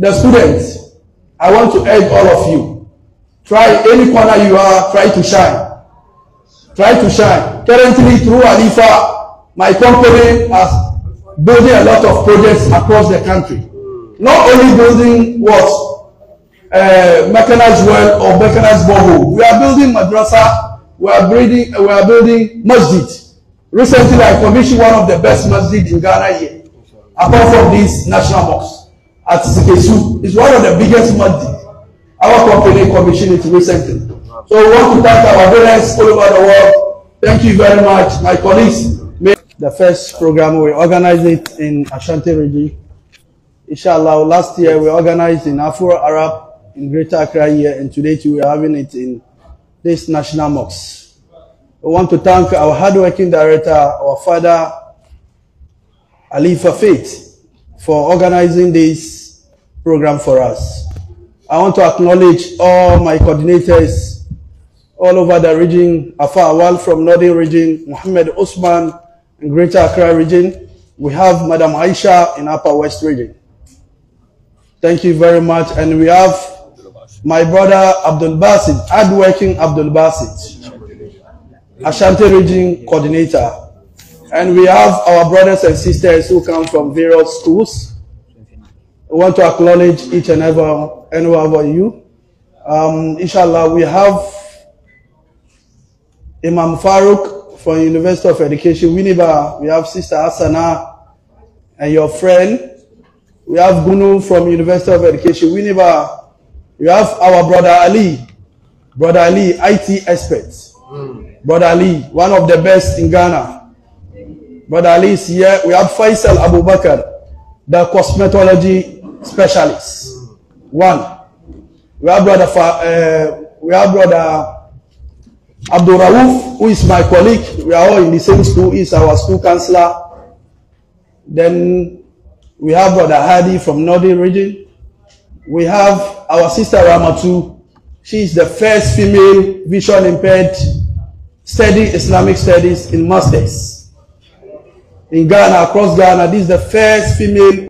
the students, I want to urge all of you. Try any corner you are, try to shine. Try to shine. Currently, through Alifa, my company has building a lot of projects across the country. Not only building what? Uh, mechanized well or mechanized borehole. We are building madrasa, we are building, uh, we are building masjid. Recently, I commissioned one of the best masjid in Ghana here, apart from this national mosque. at Sikesu. It's one of the biggest masjid. Our company commissioned it recently. So we want to thank our veterans all over the world. Thank you very much, my colleagues. The first program we organized it in Ashanti region. Inshallah, last year we organized in Afro Arab in Greater Accra here, and today we are having it in this national mosque. We want to thank our hardworking director, our father, Ali Fafit, for organizing this program for us. I want to acknowledge all my coordinators all over the region, Afar Awal from Northern Region, Muhammad Osman in Greater Accra Region. We have Madam Aisha in Upper West Region. Thank you very much. And we have my brother Abdul Basit, hardworking Abdul Basit, Ashanti Region Coordinator. And we have our brothers and sisters who come from various schools. We want to acknowledge each and every, and one of you. Um, inshallah, we have Imam Farouk from University of Education, Winneba. We have Sister Asana and your friend. We have Gunu from University of Education, Winneba. We have our brother Ali, brother Ali, IT expert. Mm. Brother Ali, one of the best in Ghana. But at least here we have Faisal Abubakar, the cosmetology specialist. One. We have brother, uh, we have brother Abdul Rauf, who is my colleague. We are all in the same school. He is our school counselor. Then we have brother Hadi from Northern region. We have our sister Ramatu. She is the first female vision impaired study Islamic studies in masters in Ghana, across Ghana. This is the first female